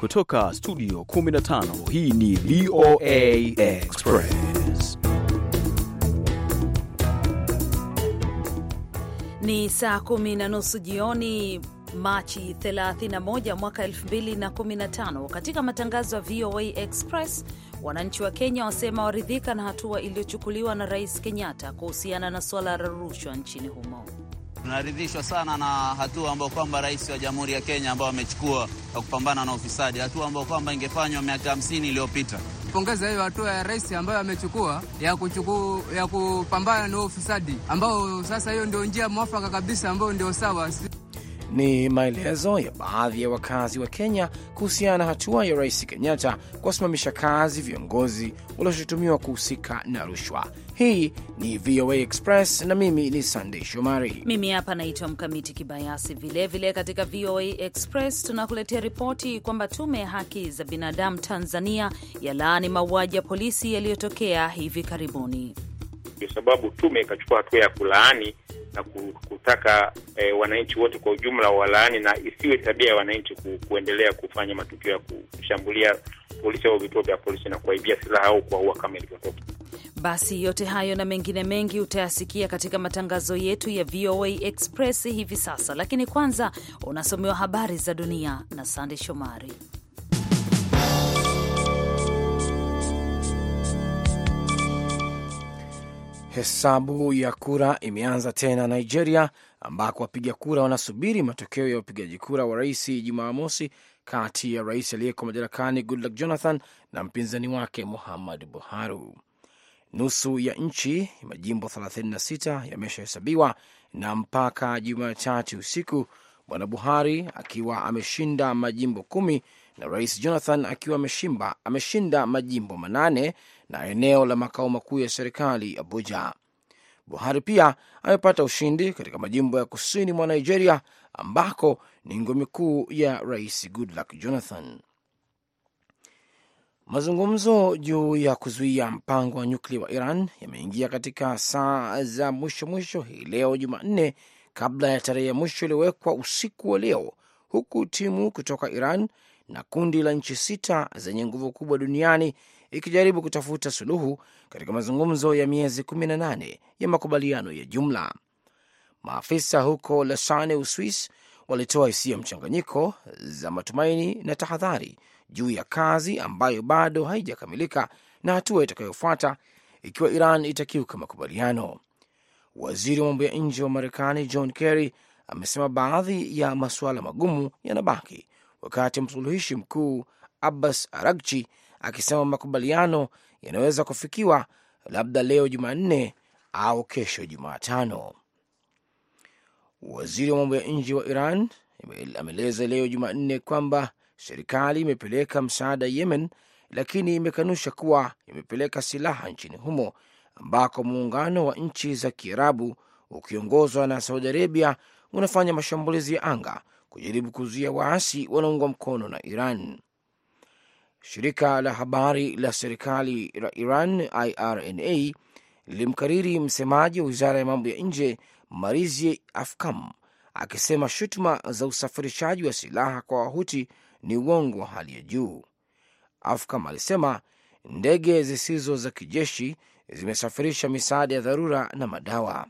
Kutoka studio 15 hii ni VOA Express. Ni saa kumi na nusu jioni Machi 31 mwaka 2015. Katika matangazo ya VOA Express, wananchi wa Kenya wasema waridhika na hatua iliyochukuliwa na Rais Kenyatta kuhusiana na suala la rushwa nchini humo tunaridhishwa sana na hatua ambayo kwamba rais wa Jamhuri ya Kenya ambao amechukua ya kupambana na ufisadi, hatua ambayo kwamba ingefanywa miaka hamsini iliyopita. Pongeza hiyo hatua ya rais ambayo amechukua ya ya kupambana na ufisadi, ambao sasa hiyo ndio njia mwafaka kabisa, ambayo ndio sawa. Ni maelezo ya baadhi ya wakazi wa Kenya kuhusiana na hatua ya Rais Kenyatta kuwasimamisha kazi viongozi walioshutumiwa kuhusika na rushwa. Hii ni VOA Express na mimi ni sandey Shomari. Mimi hapa naitwa Mkamiti Kibayasi. Vilevile katika VOA Express tunakuletea ripoti kwamba tume ya haki za binadamu Tanzania yalaani mauaji ya polisi yaliyotokea hivi karibuni, kwa sababu tume ikachukua hatua ya kulaani na kutaka e, wananchi wote kwa ujumla walaani na isiwe tabia ya wananchi ku, kuendelea kufanya matukio ya kushambulia polisi au vituo vya polisi na kuwaibia silaha au kuwaua kama ilivyotoka. Basi yote hayo na mengine mengi utayasikia katika matangazo yetu ya VOA Express hivi sasa, lakini kwanza unasomewa habari za dunia na Sande Shomari. Hesabu ya kura imeanza tena Nigeria, ambako wapiga kura wanasubiri matokeo ya upigaji kura wa rais Jumamosi kati ya rais aliyeko madarakani Goodluck Jonathan na mpinzani wake Muhammad Buhari. Nusu ya nchi, majimbo 36 yameshahesabiwa na mpaka Jumatatu usiku bwana Buhari akiwa ameshinda majimbo kumi na rais Jonathan akiwa ameshinda majimbo manane na eneo la makao makuu ya serikali Abuja. Buhari pia amepata ushindi katika majimbo ya kusini mwa Nigeria ambako ni ngome kuu ya rais Goodluck Jonathan. Mazungumzo juu ya kuzuia mpango wa nyuklia wa Iran yameingia katika saa za mwisho mwisho hii leo Jumanne, kabla ya tarehe ya mwisho iliyowekwa usiku wa leo, huku timu kutoka Iran na kundi la nchi sita zenye nguvu kubwa duniani ikijaribu kutafuta suluhu katika mazungumzo ya miezi 18 ya makubaliano ya jumla. Maafisa huko Lausanne, Uswis, walitoa hisia mchanganyiko za matumaini na tahadhari juu ya kazi ambayo bado haijakamilika na hatua itakayofuata ikiwa Iran itakiuka makubaliano. Waziri wa mambo ya nje wa Marekani John Kerry amesema baadhi ya masuala magumu yanabaki, wakati msuluhishi mkuu Abbas Aragchi akisema makubaliano yanaweza kufikiwa labda leo Jumanne au kesho Jumatano. Waziri wa mambo ya nje wa Iran ameeleza leo Jumanne kwamba serikali imepeleka msaada Yemen, lakini imekanusha kuwa imepeleka silaha nchini humo ambako muungano wa nchi za Kiarabu ukiongozwa na Saudi Arabia unafanya mashambulizi ya anga kujaribu kuzuia waasi wanaungwa mkono na Iran. Shirika la habari la serikali la Iran IRNA lilimkariri msemaji wa wizara ya mambo ya nje Marizie Afkam akisema shutuma za usafirishaji wa silaha kwa Wahuti ni uongo wa hali ya juu. Afkam alisema ndege zisizo za kijeshi zimesafirisha misaada ya dharura na madawa.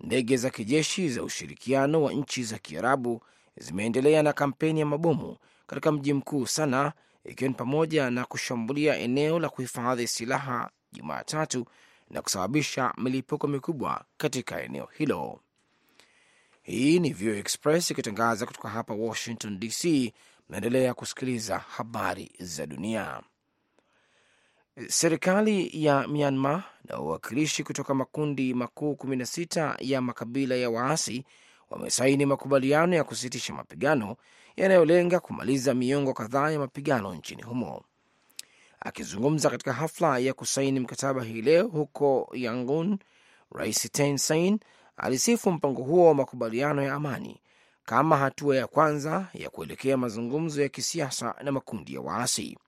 Ndege za kijeshi za ushirikiano wa nchi za Kiarabu zimeendelea na kampeni ya mabomu katika mji mkuu Sanaa ikiwa ni pamoja na kushambulia eneo la kuhifadhi silaha Jumatatu na kusababisha milipuko mikubwa katika eneo hilo. Hii ni VOA Express ikitangaza kutoka hapa Washington DC. Mnaendelea kusikiliza habari za dunia. Serikali ya Myanmar na wawakilishi kutoka makundi makuu 16 ya makabila ya waasi wamesaini makubaliano ya kusitisha mapigano yanayolenga kumaliza miongo kadhaa ya mapigano nchini humo. Akizungumza katika hafla ya kusaini mkataba hii leo huko Yangon, Rais Thein Sein alisifu mpango huo wa makubaliano ya amani kama hatua ya kwanza ya kuelekea mazungumzo ya kisiasa na makundi ya waasi.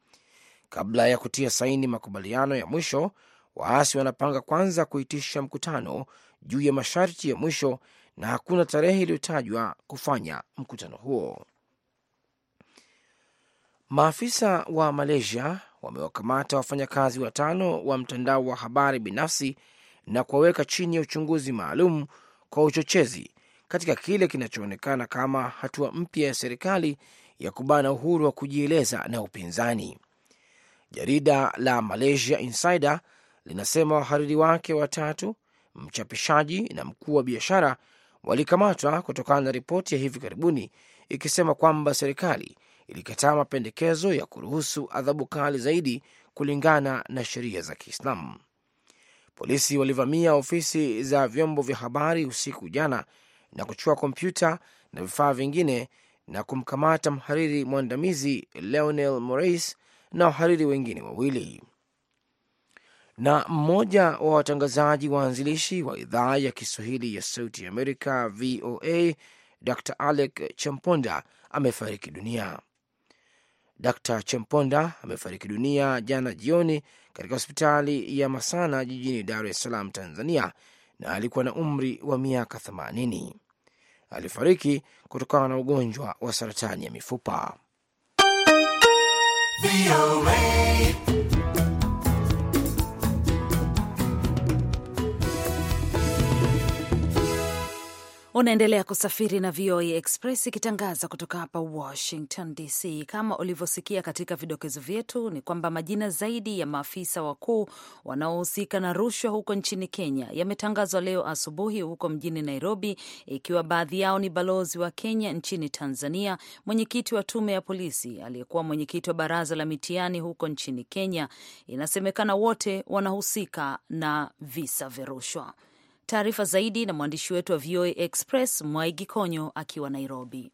Kabla ya kutia saini makubaliano ya mwisho, waasi wanapanga kwanza kuitisha mkutano juu ya masharti ya mwisho, na hakuna tarehe iliyotajwa kufanya mkutano huo. Maafisa wa Malaysia wamewakamata wafanyakazi watano wa mtandao wa habari binafsi na kuwaweka chini ya uchunguzi maalum kwa uchochezi katika kile kinachoonekana kama hatua mpya ya serikali ya kubana uhuru wa kujieleza na upinzani. Jarida la Malaysia Insider linasema wahariri wake watatu, mchapishaji na mkuu wa biashara walikamatwa kutokana na ripoti ya hivi karibuni ikisema kwamba serikali ilikataa mapendekezo ya kuruhusu adhabu kali zaidi kulingana na sheria za Kiislamu. Polisi walivamia ofisi za vyombo vya habari usiku jana na kuchukua kompyuta na vifaa vingine na kumkamata mhariri mwandamizi Leonel Morais na wahariri wengine wawili. Na mmoja wa watangazaji waanzilishi wa idhaa ya Kiswahili ya Sauti ya Amerika, VOA, Dr Alec Champonda amefariki dunia. Dr Chemponda amefariki dunia jana jioni katika hospitali ya Masana jijini Dar es Salaam, Tanzania, na alikuwa na umri wa miaka 80. Alifariki kutokana na ugonjwa wa saratani ya mifupa. Unaendelea kusafiri na VOA Express ikitangaza kutoka hapa Washington DC. Kama ulivyosikia katika vidokezo vyetu, ni kwamba majina zaidi ya maafisa wakuu wanaohusika na rushwa huko nchini Kenya yametangazwa leo asubuhi huko mjini Nairobi, ikiwa baadhi yao ni balozi wa Kenya nchini Tanzania, mwenyekiti wa tume ya polisi, aliyekuwa mwenyekiti wa baraza la mitihani huko nchini Kenya. Inasemekana wote wanahusika na visa vya rushwa. Taarifa zaidi na mwandishi wetu wa VOA Express Mwaigi Konyo akiwa Nairobi.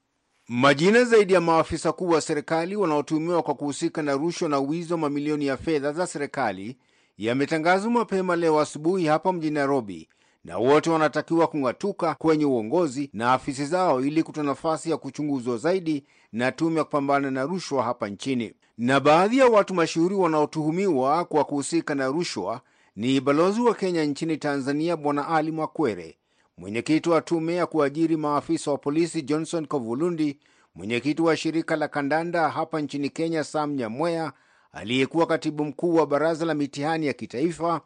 Majina zaidi ya maafisa kuu wa serikali wanaotuhumiwa kwa kuhusika na rushwa na wizi wa mamilioni ya fedha za serikali yametangazwa mapema leo asubuhi hapa mjini Nairobi, na wote wanatakiwa kung'atuka kwenye uongozi na afisi zao ili kutoa nafasi ya kuchunguzwa zaidi na tume ya kupambana na rushwa hapa nchini. Na baadhi ya watu mashuhuri wanaotuhumiwa kwa kuhusika na rushwa ni balozi wa Kenya nchini Tanzania Bwana Ali Mwakwere, mwenyekiti wa tume ya kuajiri maafisa wa polisi Johnson Kovulundi, mwenyekiti wa shirika la kandanda hapa nchini Kenya Sam Nyamweya, aliyekuwa katibu mkuu wa baraza la mitihani ya kitaifa,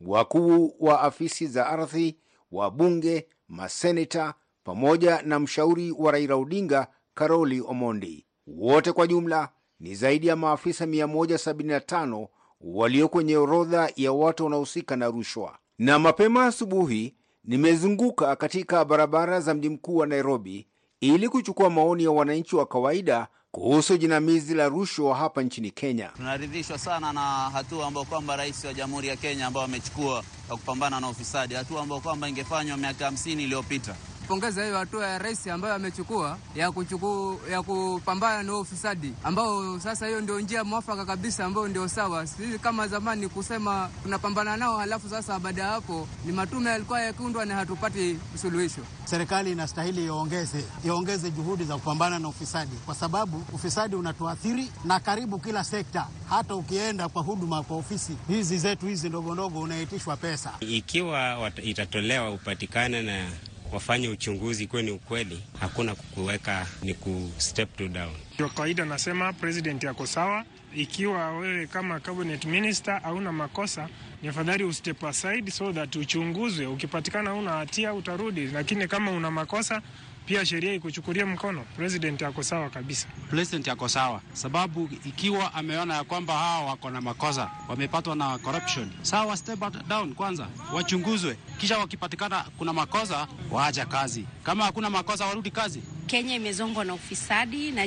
wakuu wa afisi za ardhi, wabunge, maseneta pamoja na mshauri wa Raila Odinga Karoli Omondi. Wote kwa jumla ni zaidi ya maafisa 175 walio kwenye orodha ya watu wanaohusika na rushwa. Na mapema asubuhi nimezunguka katika barabara za mji mkuu wa Nairobi ili kuchukua maoni ya wananchi wa kawaida kuhusu jinamizi la rushwa hapa nchini Kenya. Tunaridhishwa sana na hatua ambayo kwamba rais wa Jamhuri ya Kenya ambayo amechukua ya kupambana na ufisadi, hatua ambayo kwamba ingefanywa miaka hamsini iliyopita pongeza hiyo hatua ya rais ambayo amechukua ya kuchuku, ya kupambana na ufisadi, ambao sasa hiyo ndio njia mwafaka kabisa, ambayo ndio sawa. Sisi kama zamani kusema tunapambana nao, halafu sasa baada ya hapo ni matume yalikuwa yakundwa na hatupati suluhisho. Serikali inastahili iongeze iongeze juhudi za kupambana na ufisadi, kwa sababu ufisadi unatuathiri na karibu kila sekta. Hata ukienda kwa huduma kwa ofisi hizi zetu hizi ndogondogo, unaitishwa pesa. Ikiwa itatolewa upatikane na wafanye uchunguzi, kuwe ni ukweli, hakuna kukuweka ni ku step to down. Kwa kawaida nasema president yako sawa. Ikiwa wewe kama cabinet minister hauna makosa, ni afadhali ustep aside so that uchunguzwe. Ukipatikana una hatia utarudi, lakini kama una makosa pia sheria ikuchukulia mkono. President ako sawa kabisa, president ako sawa, sababu ikiwa ameona ya kwamba hawa wako na makosa, wamepatwa na corruption, sawa, step down kwanza, wachunguzwe, kisha wakipatikana kuna makosa waacha kazi, kama hakuna makosa warudi kazi. Kenya imezongwa na ufisadi na,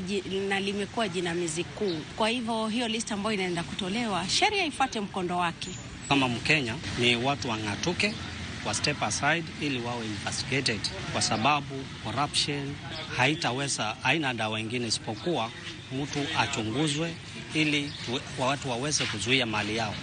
na limekuwa jinamizi kuu. Kwa hivyo hiyo list ambayo inaenda kutolewa, sheria ifuate mkondo wake. Kama Mkenya ni watu wang'atuke wa step aside ili wawe investigated, kwa sababu corruption haitaweza, haina dawa wengine isipokuwa mtu achunguzwe ili tu, watu waweze kuzuia mali yao.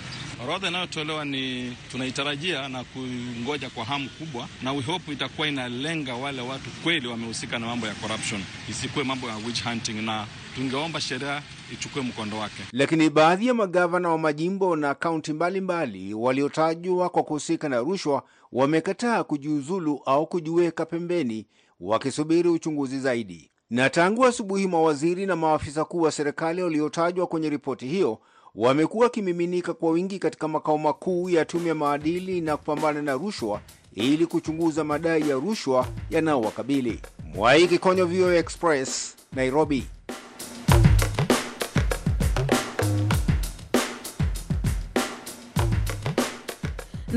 Orodha inayotolewa ni tunaitarajia na kuingoja kwa hamu kubwa, na we hope itakuwa inalenga wale watu kweli wamehusika na mambo ya corruption, isikuwe mambo ya witch hunting, na tungeomba sheria ichukue mkondo wake. Lakini baadhi ya magavana wa majimbo na kaunti mbalimbali waliotajwa kwa kuhusika na rushwa wamekataa kujiuzulu au kujiweka pembeni, wakisubiri uchunguzi zaidi. Na tangu asubuhi mawaziri na maafisa kuu wa serikali waliotajwa kwenye ripoti hiyo wamekuwa wakimiminika kwa wingi katika makao makuu ya tume ya maadili na kupambana na rushwa ili kuchunguza madai ya rushwa yanayowakabili. mwaiki konyo VOA Express, Nairobi.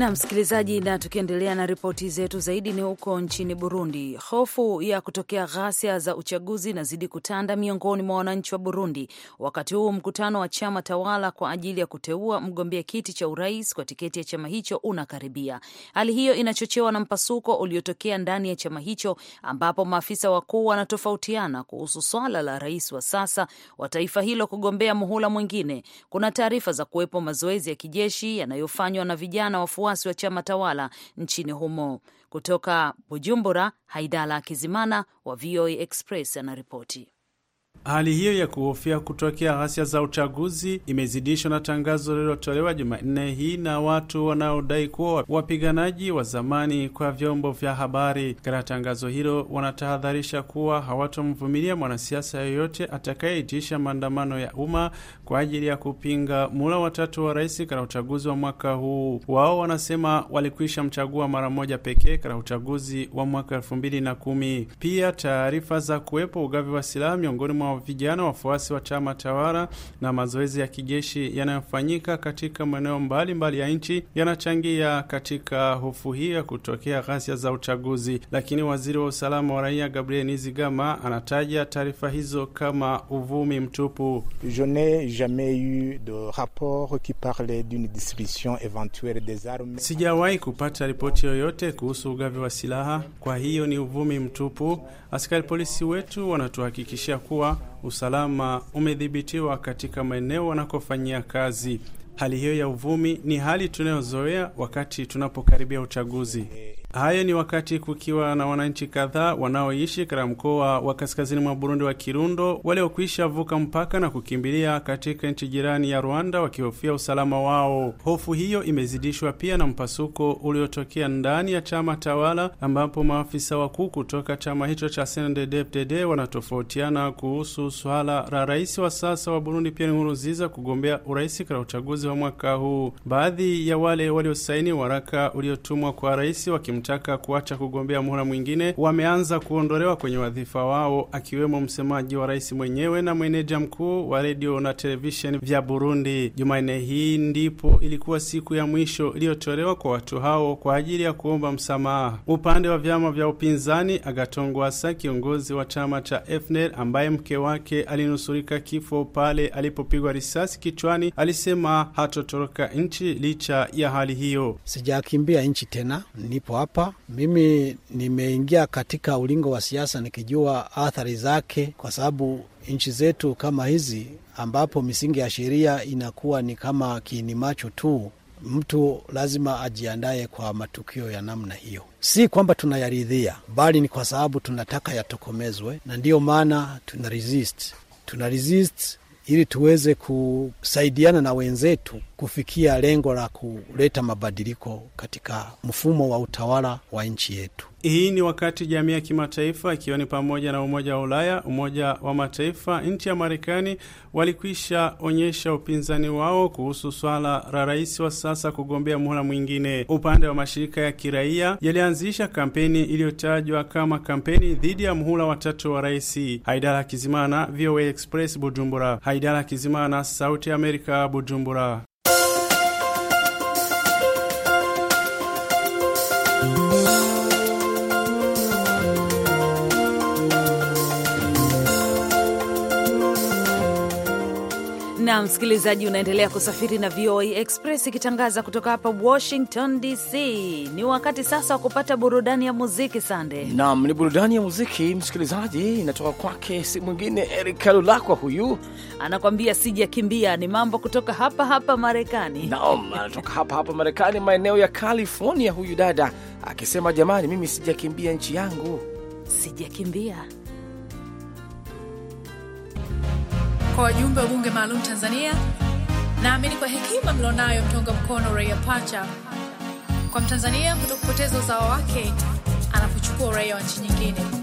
Na msikilizaji, na tukiendelea na ripoti zetu zaidi, ni huko nchini Burundi. Hofu ya kutokea ghasia za uchaguzi inazidi kutanda miongoni mwa wananchi wa Burundi, wakati huu mkutano wa chama tawala kwa ajili ya kuteua mgombea kiti cha urais kwa tiketi ya chama hicho unakaribia. Hali hiyo inachochewa na mpasuko uliotokea ndani ya chama hicho, ambapo maafisa wakuu wanatofautiana kuhusu swala la rais wa sasa wa taifa hilo kugombea muhula mwingine. Kuna taarifa za kuwepo mazoezi ya kijeshi yanayofanywa na vijana wafuasi wafuasi wa chama tawala nchini humo. Kutoka Bujumbura, Haidala Kizimana wa VOA Express anaripoti. Hali hiyo ya kuhofia kutokea ghasia za uchaguzi imezidishwa na tangazo lililotolewa Jumanne hii na watu wanaodai kuwa wapiganaji wa zamani kwa vyombo vya habari. Katika tangazo hilo, wanatahadharisha kuwa hawatomvumilia mwanasiasa yoyote atakayeitisha maandamano ya umma kwa ajili ya kupinga mula watatu wa rais katika uchaguzi wa mwaka huu. Wao wanasema walikwisha mchagua mara moja pekee katika uchaguzi wa mwaka elfu mbili na kumi. Pia taarifa za kuwepo ugavi wa silaha miongoni mwa mapigano wafuasi wa chama tawala na mazoezi ya kijeshi yanayofanyika katika maeneo mbalimbali ya nchi yanachangia katika hofu hii ya kutokea ghasia za uchaguzi. Lakini waziri wa usalama wa raia Gabriel Nizigama anataja taarifa hizo kama uvumi mtupu. Je n'ai jamais eu de rapport qui parle d'une distribution eventuelle des armes. Sijawahi kupata ripoti yoyote kuhusu ugavi wa silaha, kwa hiyo ni uvumi mtupu. Askari polisi wetu wanatuhakikishia kuwa usalama umedhibitiwa katika maeneo wanakofanyia kazi. Hali hiyo ya uvumi ni hali tunayozoea wakati tunapokaribia uchaguzi. Hayo ni wakati kukiwa na wananchi kadhaa wanaoishi katika mkoa wa kaskazini mwa Burundi wa Kirundo waliokwisha vuka mpaka na kukimbilia katika nchi jirani ya Rwanda wakihofia usalama wao. Hofu hiyo imezidishwa pia na mpasuko uliotokea ndani ya chama tawala, ambapo maafisa wakuu kutoka chama hicho cha CNDD-FDD wanatofautiana kuhusu swala la rais wa sasa wa Burundi Pierre Nkurunziza kugombea urais katika uchaguzi wa mwaka huu. Baadhi ya wale waliosaini waraka uliotumwa kwa rais wa wamemtaka kuacha kugombea muhula mwingine wameanza kuondolewa kwenye wadhifa wao, akiwemo msemaji wa rais mwenyewe na meneja mkuu wa redio na televisheni vya Burundi. Jumanne hii ndipo ilikuwa siku ya mwisho iliyotolewa kwa watu hao kwa ajili ya kuomba msamaha. Upande wa vyama vya upinzani, Agatongwasa, kiongozi wa chama cha FNL ambaye mke wake alinusurika kifo pale alipopigwa risasi kichwani, alisema hatotoroka nchi licha ya hali hiyo. Sijakimbia nchi tena, nipo hapa hapa. Mimi nimeingia katika ulingo wa siasa nikijua athari zake, kwa sababu nchi zetu kama hizi ambapo misingi ya sheria inakuwa ni kama kiini macho tu, mtu lazima ajiandaye kwa matukio ya namna hiyo. Si kwamba tunayaridhia, bali ni kwa sababu tunataka yatokomezwe, na ndiyo maana tuna resist. Tuna resist ili tuweze kusaidiana na wenzetu kufikia lengo la kuleta mabadiliko katika mfumo wa utawala wa nchi yetu. Hii ni wakati jamii ya kimataifa ikiwa ni pamoja na Umoja wa Ulaya, Umoja wa Mataifa, nchi ya Marekani walikwisha onyesha upinzani wao kuhusu swala la rais wa sasa kugombea muhula mwingine. Upande wa mashirika ya kiraia yalianzisha kampeni iliyotajwa kama kampeni dhidi ya muhula watatu wa rais. Haidara Kizimana, VOA Express, Bujumbura. Haidara Kizimana, Sauti ya Amerika, Bujumbura. na msikilizaji, unaendelea kusafiri na VOA Express ikitangaza kutoka hapa Washington DC. Ni wakati sasa wa kupata burudani ya muziki Sande. Naam, ni burudani ya muziki msikilizaji, inatoka kwake si mwingine Erika Lulakwa. Huyu anakwambia sijakimbia, ni mambo kutoka hapa hapa Marekani. Naam, anatoka hapa hapa Marekani, maeneo ya California, huyu dada akisema jamani, mimi sijakimbia nchi yangu, sijakimbia kwa wajumbe wa bunge maalum Tanzania. Naamini kwa hekima mlionayo mtonga mkono uraia pacha kwa Mtanzania kuto kupoteza uzawa wake anapochukua uraia wa nchi nyingine.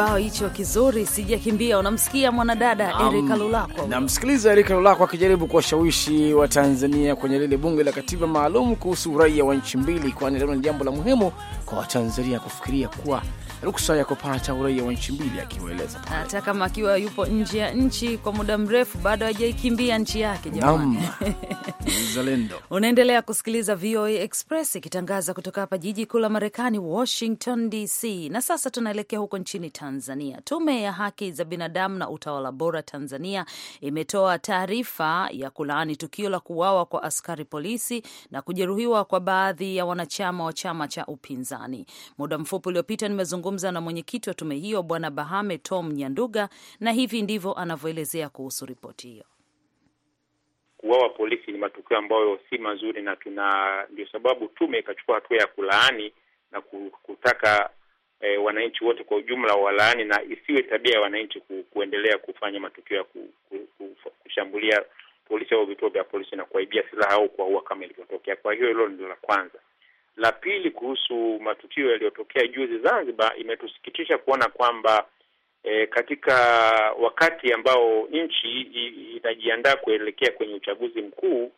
kibao hicho kizuri sijakimbia. Unamsikia mwanadada um, Erika Lulako, namsikiliza Erika Lulako akijaribu kuwashawishi wa Tanzania kwenye lile bunge la katiba maalum kuhusu uraia wa nchi mbili, kwani leo ni jambo la muhimu kwa Watanzania kufikiria kuwa ruksa ya kupata uraia wa nchi mbili, akiwaeleza hata kama akiwa yupo nje ya nchi kwa muda mrefu bado hajaikimbia nchi yake. Jamani, mzalendo unaendelea kusikiliza VOA Express ikitangaza kutoka hapa jiji kuu la Marekani, Washington DC. Na sasa tunaelekea huko nchini Tanzania. Tume ya Haki za Binadamu na Utawala Bora Tanzania imetoa taarifa ya kulaani tukio la kuuawa kwa askari polisi na kujeruhiwa kwa baadhi ya wanachama wa chama cha upinzani. Muda mfupi uliopita nimezungumza nimezungumza na mwenyekiti wa tume hiyo Bwana Bahame Tom Nyanduga, na hivi ndivyo anavyoelezea kuhusu ripoti hiyo. Kuwawa polisi ni matukio ambayo si mazuri, na tuna ndio sababu tume ikachukua hatua ya kulaani na kutaka e, wananchi wote kwa ujumla walaani, na isiwe tabia ya wananchi ku, kuendelea kufanya matukio ya ku, ku, ku, kushambulia polisi au vituo vya polisi na kuwaibia silaha au kuwaua kama ilivyotokea. Kwa hiyo hilo ndio la kwanza. La pili kuhusu matukio yaliyotokea juzi Zanzibar, imetusikitisha kuona kwamba e, katika wakati ambao nchi inajiandaa kuelekea kwenye uchaguzi mkuu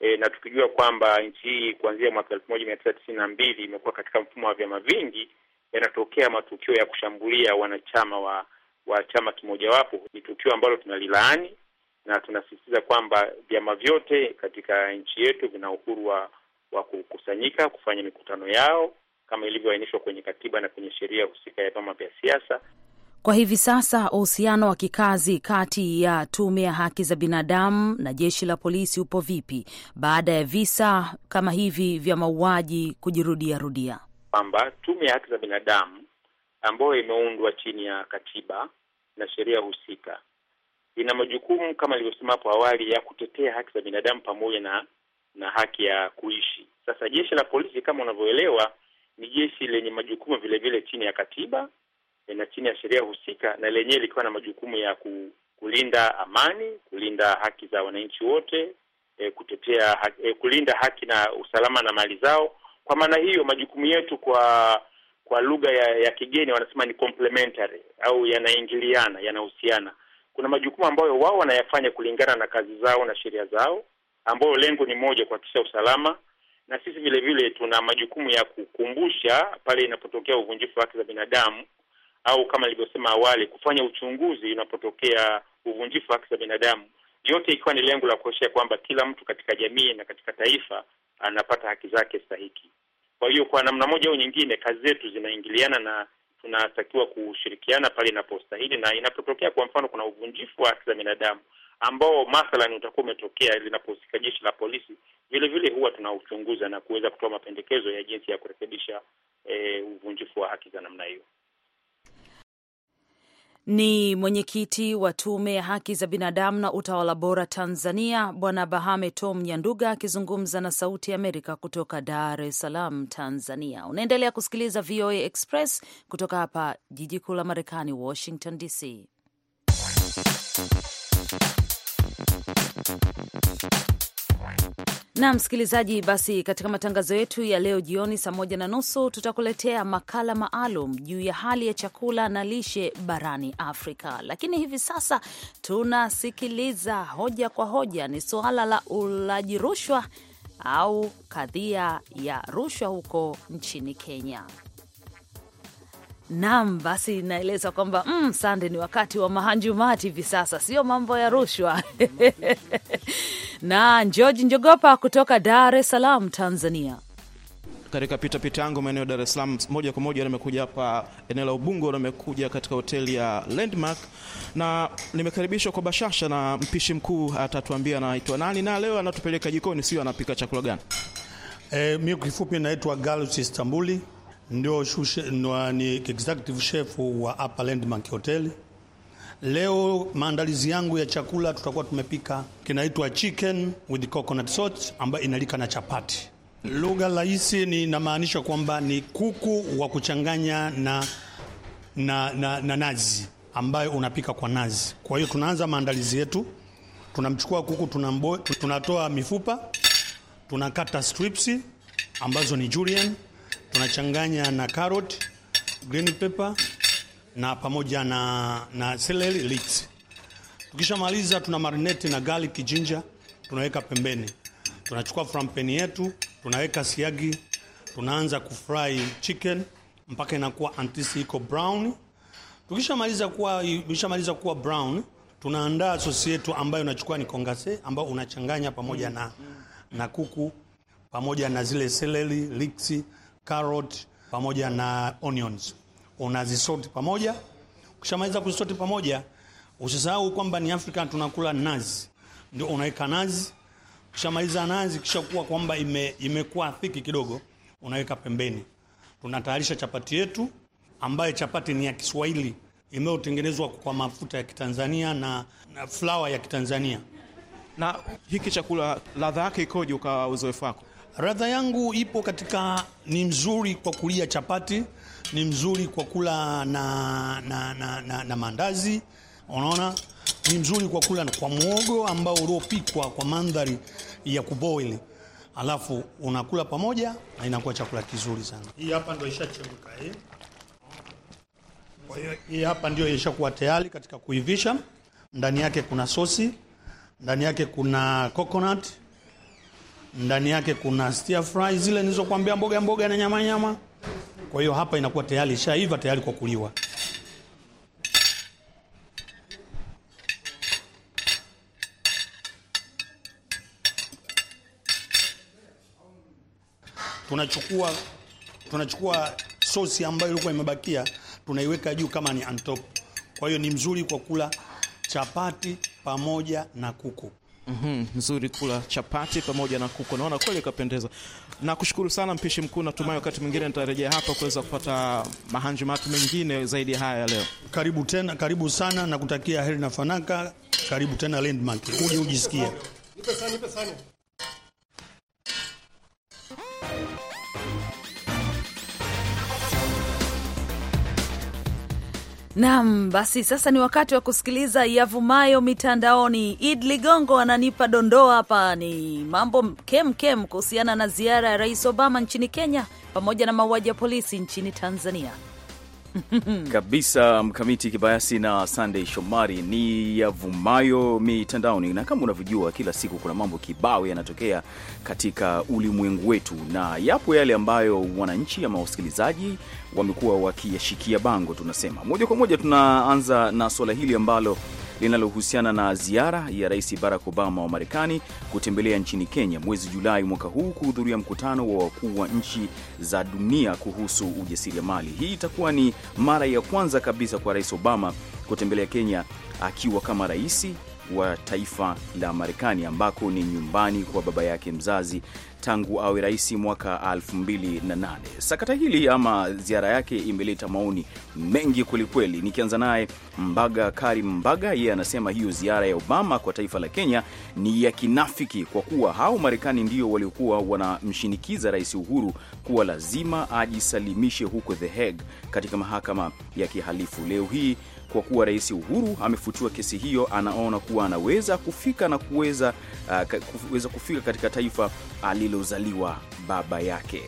e, na tukijua kwamba nchi hii kuanzia mwaka elfu moja mia tisa tisini na mbili imekuwa katika mfumo wa vyama vingi, yanatokea matukio ya kushambulia wanachama wa wa chama kimojawapo. Ni tukio ambalo tunalilaani na tunasisitiza kwamba vyama vyote katika nchi yetu vina uhuru wa wa kukusanyika kufanya mikutano yao kama ilivyoainishwa kwenye katiba na kwenye sheria husika ya vyama vya siasa. Kwa hivi sasa uhusiano wa kikazi kati ya tume ya haki za binadamu na jeshi la polisi upo vipi baada ya visa kama hivi vya mauaji kujirudia rudia? Kwamba tume ya haki za binadamu ambayo imeundwa chini ya katiba na sheria husika ina majukumu kama ilivyosema hapo awali ya kutetea haki za binadamu pamoja na na haki ya kuishi. Sasa jeshi la polisi kama unavyoelewa, ni jeshi lenye majukumu vile vile chini ya katiba eh, na chini ya sheria husika, na lenyewe likiwa na majukumu ya ku, kulinda amani, kulinda haki za wananchi wote, e, kutetea haki, e, kulinda haki na usalama na mali zao. Kwa maana hiyo majukumu yetu kwa kwa lugha ya, ya kigeni wanasema ni complementary au yanaingiliana, yanahusiana. Kuna majukumu ambayo wao wanayafanya kulingana na kazi zao na sheria zao, ambayo lengo ni moja, kuhakikisha usalama, na sisi vile vile tuna majukumu ya kukumbusha pale inapotokea uvunjifu wa haki za binadamu, au kama nilivyosema awali, kufanya uchunguzi inapotokea uvunjifu wa haki za binadamu, yote ikiwa ni lengo la kuhakikisha kwamba kila mtu katika jamii na katika taifa anapata haki zake stahiki. Kwa hiyo kwa namna moja au nyingine, kazi zetu zinaingiliana na tunatakiwa kushirikiana pale inapostahili na inapotokea, kwa mfano, kuna uvunjifu wa haki za binadamu ambao mathalan utakuwa umetokea linapohusika jeshi la polisi, vile vile huwa tunauchunguza na kuweza kutoa mapendekezo ya jinsi ya kurekebisha e, uvunjifu wa haki za namna hiyo. Ni mwenyekiti wa Tume ya Haki za Binadamu na Utawala Bora Tanzania, Bwana Bahame Tom Nyanduga akizungumza na Sauti ya Amerika kutoka Dar es Salaam, Tanzania. Unaendelea kusikiliza VOA Express kutoka hapa jiji kuu la Marekani, Washington DC na msikilizaji, basi katika matangazo yetu ya leo jioni saa moja na nusu tutakuletea makala maalum juu ya hali ya chakula na lishe barani Afrika. Lakini hivi sasa tunasikiliza hoja kwa hoja, ni suala la ulaji rushwa au kadhia ya rushwa huko nchini Kenya. Naam, basi naeleza kwamba mm, sande ni wakati wa mahanjumati hivi sasa, sio mambo ya rushwa na George Njogopa kutoka Dar es Salaam, Tanzania. Katika pitapita yangu maeneo ya Dar es Salaam, moja kwa moja nimekuja hapa eneo la Ubungo, nimekuja katika hoteli ya Landmark na nimekaribishwa kwa bashasha na mpishi mkuu, atatuambia anaitwa nani na leo anatupeleka jikoni, sio anapika chakula gani. E, eh, mi kifupi naitwa Galus Istambuli ndio ni executive chef wa Upper Landmark Hotel. Leo maandalizi yangu ya chakula tutakuwa tumepika kinaitwa chicken with coconut sauce ambayo inalika na chapati. Lugha rahisi ni inamaanisha kwamba ni kuku wa kuchanganya na, na, na, na nazi ambayo unapika kwa nazi. Kwa hiyo tunaanza maandalizi yetu, tunamchukua kuku tunambo, tunatoa mifupa tunakata strips ambazo ni julienne tunachanganya na carrot, green pepper na pamoja na, na celery leeks. Tukishamaliza tuna marinate na garlic ginger, tunaweka pembeni. Tunachukua frampeni yetu, tunaweka siagi, tunaanza kufry chicken mpaka inakuwa antisi iko brown. Tukishamaliza kuwa, tukishamaliza kuwa brown, tunaandaa sosi yetu ambayo unachukua ni kongase ambayo unachanganya pamoja na, na kuku pamoja na zile celery leeks carrot pamoja na onions, unazisoti pamoja. Ukishamaliza kuzisoti pamoja, usisahau kwamba ni Afrika tunakula nazi, ndio unaweka nazi. Ukishamaliza nazi, kisha kuwa kwamba ime, imekuwa thiki kidogo, unaweka pembeni. Tunatayarisha chapati yetu ambayo chapati ni ya Kiswahili imeotengenezwa kwa mafuta ya Kitanzania na, na flawa ya Kitanzania. Na hiki chakula ladha yake ikoje, kwa uzoefu wako? Radha yangu ipo katika, ni mzuri kwa kulia chapati, ni mzuri kwa kula na, na, na, na, na mandazi, unaona, ni mzuri kwa kula kwa mwogo ambao uliopikwa kwa mandhari ya kuboil, alafu unakula pamoja na inakuwa chakula kizuri sana. Hii hapa ndio ishachemka hii. Eh? Kwa hiyo hii hapa ndio ishakuwa tayari katika kuivisha. Ndani yake kuna sosi, ndani yake kuna coconut ndani yake kuna stir fry zile nilizokuambia, mboga mboga na nyama nyama. Kwa hiyo hapa inakuwa tayari ishaiva, tayari kwa kuliwa. Tunachukua tunachukua sosi ambayo ilikuwa imebakia tunaiweka juu kama ni on top. Kwa hiyo ni mzuri kwa kula chapati pamoja na kuku. Mm -hmm, mzuri kula chapati pamoja na kuku, naona kweli kapendeza Na kushukuru sana mpishi mkuu, natumai wakati mwingine nitarejea hapa kuweza kupata mahanji matu mengine zaidi ya haya leo. Karibu tena, karibu sana na kutakia heri na fanaka. Karibu tena Landmark, uje ujisikie. Naam, basi sasa ni wakati wa kusikiliza yavumayo mitandaoni. Id Ligongo ananipa dondoo hapa, ni mambo kemkem kuhusiana na ziara ya Rais Obama nchini Kenya pamoja na mauaji ya polisi nchini Tanzania. kabisa mkamiti kibayasi na sandey Shomari ni yavumayo mitandaoni, na kama unavyojua, kila siku kuna mambo kibao yanatokea katika ulimwengu wetu, na yapo yale ambayo wananchi ama wasikilizaji wamekuwa wakiyashikia bango. Tunasema moja kwa moja, tunaanza na suala hili ambalo linalohusiana na ziara ya Rais Barack Obama wa Marekani kutembelea nchini Kenya mwezi Julai mwaka huu kuhudhuria mkutano wa wakuu wa nchi za dunia kuhusu ujasiriamali. Hii itakuwa ni mara ya kwanza kabisa kwa Rais Obama kutembelea Kenya akiwa kama raisi wa taifa la Marekani ambako ni nyumbani kwa baba yake mzazi tangu awe rais mwaka 2008. Sakata hili ama ziara yake imeleta maoni mengi kwelikweli. Nikianza naye Mbaga Karim Mbaga, yeye anasema hiyo ziara ya Obama kwa taifa la Kenya ni ya kinafiki, kwa kuwa hao Marekani ndio waliokuwa wanamshinikiza Rais Uhuru kuwa lazima ajisalimishe huko The Hague katika mahakama ya kihalifu. Leo hii kwa kuwa Rais Uhuru amefutua kesi hiyo, anaona kuwa anaweza kufika na kuweza uh, kufika katika taifa alilozaliwa baba yake.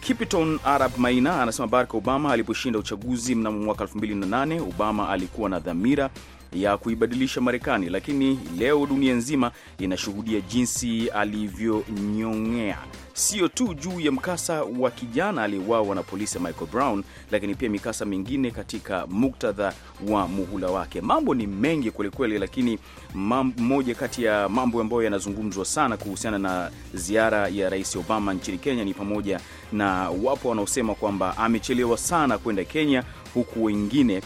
Kipiton Arab Maina anasema Barack Obama aliposhinda uchaguzi mnamo mwaka 2008 Obama alikuwa na dhamira ya kuibadilisha Marekani, lakini leo dunia nzima inashuhudia jinsi alivyonyong'ea sio tu juu ya mkasa wa kijana aliyeuawa na polisi Michael Brown, lakini pia mikasa mingine katika muktadha wa muhula wake. Mambo ni mengi kwelikweli, lakini mmoja kati ya mambo ambayo yanazungumzwa sana kuhusiana na ziara ya Rais Obama nchini Kenya ni pamoja na wapo wanaosema kwamba amechelewa sana kwenda Kenya, huku wengine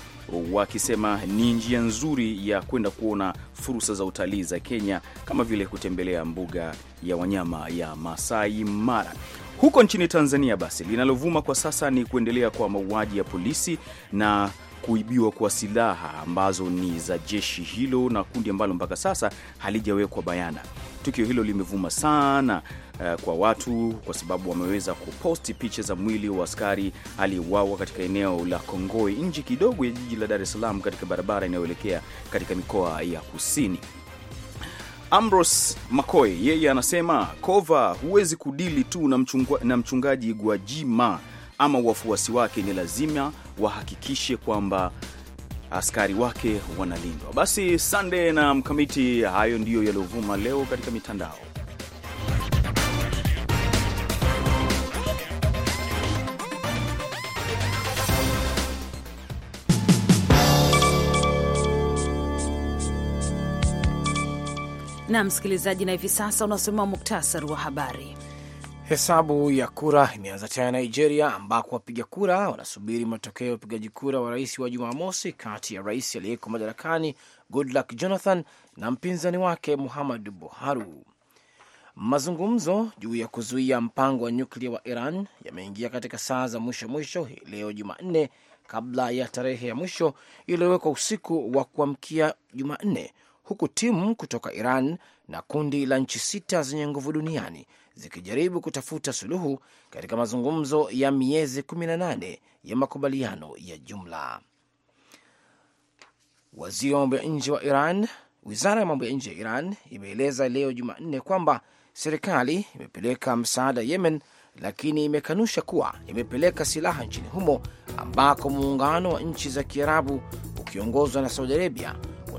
wakisema ni njia nzuri ya kwenda kuona fursa za utalii za Kenya kama vile kutembelea mbuga ya wanyama ya Masai Mara. Huko nchini Tanzania, basi linalovuma kwa sasa ni kuendelea kwa mauaji ya polisi na kuibiwa kwa silaha ambazo ni za jeshi hilo na kundi ambalo mpaka sasa halijawekwa bayana. Tukio hilo limevuma sana Eh, kwa watu kwa sababu wameweza kuposti picha za mwili wa askari aliyeuawa katika eneo la Kongoi nje kidogo ya jiji la Dar es Salaam katika barabara inayoelekea katika mikoa ya kusini. Ambrose Makoe yeye anasema Kova, huwezi kudili tu na, mchungwa, na mchungaji Gwajima ama wafuasi wake, ni lazima wahakikishe kwamba askari wake wanalindwa. Basi sande na mkamiti, hayo ndiyo yaliyovuma leo katika mitandao. na msikilizaji, na hivi sasa unasomewa muktasari wa habari. Hesabu ya kura imeanza tena Nigeria, ambako wapiga kura wanasubiri matokeo ya upigaji kura wa rais wa Jumamosi kati ya rais aliyeko madarakani Goodluck Jonathan na mpinzani wake Muhammadu Buhari. Mazungumzo juu ya kuzuia mpango wa nyuklia wa Iran yameingia katika saa za mwisho mwisho hii leo Jumanne, kabla ya tarehe ya mwisho iliyowekwa usiku wa kuamkia Jumanne, huku timu kutoka Iran na kundi la nchi sita zenye nguvu duniani zikijaribu kutafuta suluhu katika mazungumzo ya miezi 18 ya makubaliano ya jumla. Waziri wa mambo ya nje wa Iran, wizara ya mambo ya nje ya Iran imeeleza leo Jumanne kwamba serikali imepeleka msaada Yemen, lakini imekanusha kuwa imepeleka silaha nchini humo ambako muungano wa nchi za Kiarabu ukiongozwa na Saudi Arabia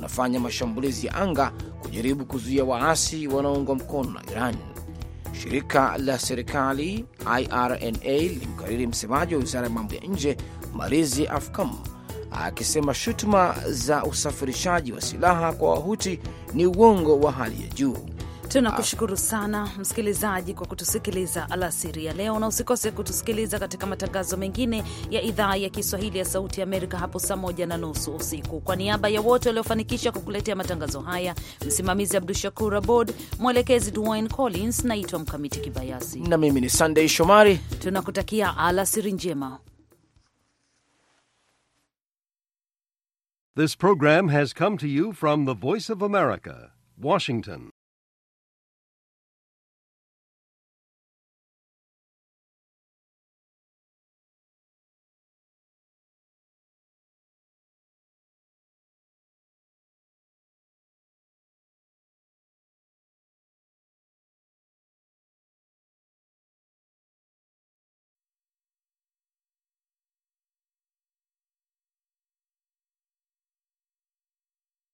wanafanya mashambulizi ya anga kujaribu kuzuia waasi wanaoungwa mkono na Iran. Shirika la serikali IRNA lilimkariri msemaji wa wizara ya mambo ya nje Marizi Afkam akisema shutuma za usafirishaji wa silaha kwa Wahuti ni uongo wa hali ya juu. Tunakushukuru sana msikilizaji kwa kutusikiliza alasiri ya leo, na usikose kutusikiliza katika matangazo mengine ya idhaa ya Kiswahili ya Sauti Amerika hapo saa moja na nusu usiku. Kwa niaba ya wote waliofanikisha kukuletea matangazo haya, msimamizi Abdu Shakur Abod, mwelekezi Dwayne Collins, naitwa Mkamiti Kibayasi na mimi ni Sandey Shomari. Tunakutakia alasiri njema. This program has come to you from the Voice of America, Washington.